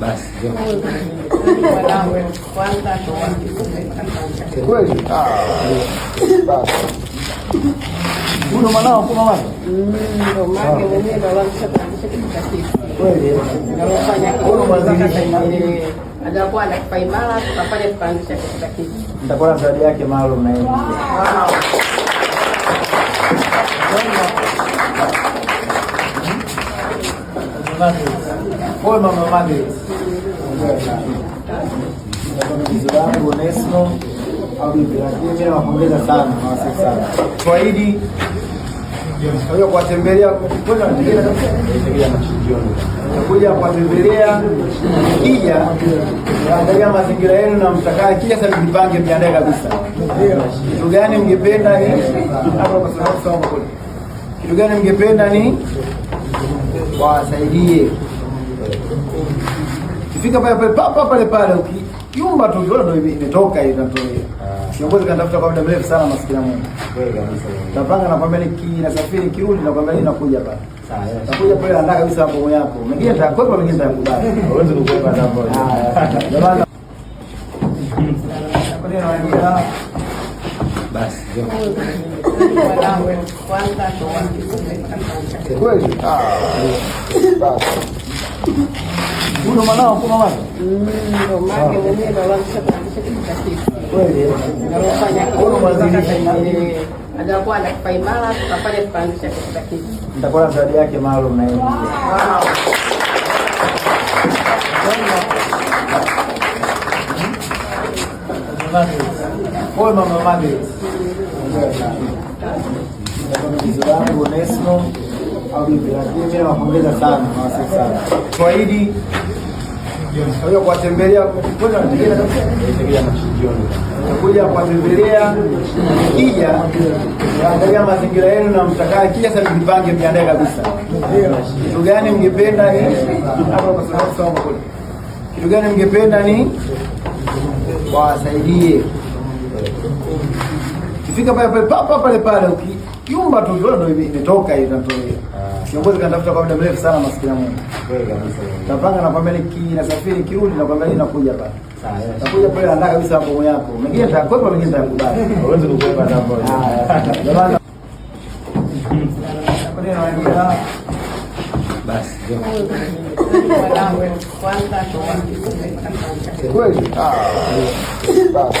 Bas, yuk. Kweli? Bas. Uno manao kuna wapi? Ndio maana mwenyewe ndo wanasema kabisa kitakatifu. Kweli. Na kufanya uno mwanzilishi atakuwa anakupa imara tukafanya tukaanzisha kitakatifu. Nitakuwa zawadi yake maalum na yeye. Wow. mama wangu Onesmo au bibi, nawapongeza sana, nawasifu sana kwa hili kuwatembelea kuja kuwatembelea kija angalia mazingira yenu na mtakaa kila saa mjipange, mjiandae kabisa, kitu gani mngependa ni kitu gani mngependa ni wawasaidie. Kifika pale pale papa pale pale, ukiumba tu ukiona ndio imetoka hiyo ndio ah. kiongozi kanatafuta kwa muda mrefu sana, masikini Mungu. Kweli kabisa. Tapanga na kwambia niki nasafiri kirudi na kwambia ninakuja pale. Sawa. Takuja pale anataka kabisa hapo moyo wako. Mwingine atakwepa mwingine atakubali. Hawezi kukwepa hapo. Ah. Jamani. Kwa nini nawaambia Bas. Kweli? Bas. Uno mwanao kuna wapi? Ndio maana mwenyewe baba mtoto anashika kitu. Kweli. Anafanya uno mwanzilishi. Ajakuwa anakupa imara tukafanya Nitakuwa na zawadi yake maalum na yeye. Wow. Thank Wewe mama Made, Onesmo nawapongeza sana, nawasifu sana Swahili hiyo kuwatembelea kuja kuwatembelea kija angalia mazingira yenu na mtakaa kija sasa, mjipange mjiandae kabisa, kitu gani mngependa ni kitu gani mngependa ni wawasaidie Kifika pale pale papa pale pale ukiumba tu ndio ndio imetoka hiyo ndio. Ah. Kiongozi kanitafuta kwa muda mrefu sana masikini Mungu. Kweli kabisa. Tapanga na kwambia ninasafiri kirudi na kwambia ninakuja pale. Sawa. Nakuja pale andaa kabisa hapo yako. Mwingine atakwepa mwingine atakubali. Huwezi kukwepa hapo. Ah, Jamani. Basi. Kweli. Ah. Basi.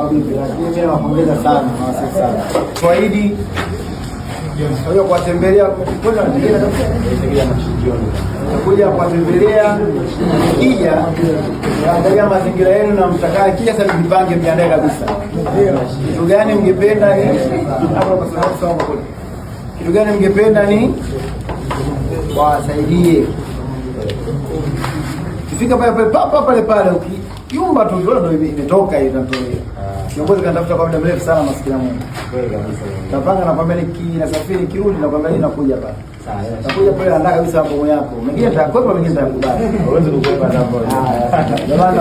Habibi, lakini mimi nawapongeza sana sana kwa kuwatembelea kuja kuwatembelea kija angalia mazingira yenu na mtakaa kija sasa, mjipange mjiandae kabisa, kitu gani mngependa ni kitu gani mngependa ni wawasaidie kifika pale pale pale pale pale Kiumba tu ndio ndio imetoka hiyo ndio. Ah. Kiongozi kanatafuta kwa muda mrefu sana masikini Mungu. Kweli kabisa. Tapanga na kwambia ninasafiri kirudi na kwambia ninakuja hapa. Sawa. Nakuja pale andaa kabisa hapo moyo yako. Mengine atakwepa mengine atakubali. Hawezi kukwepa hapo. Jamani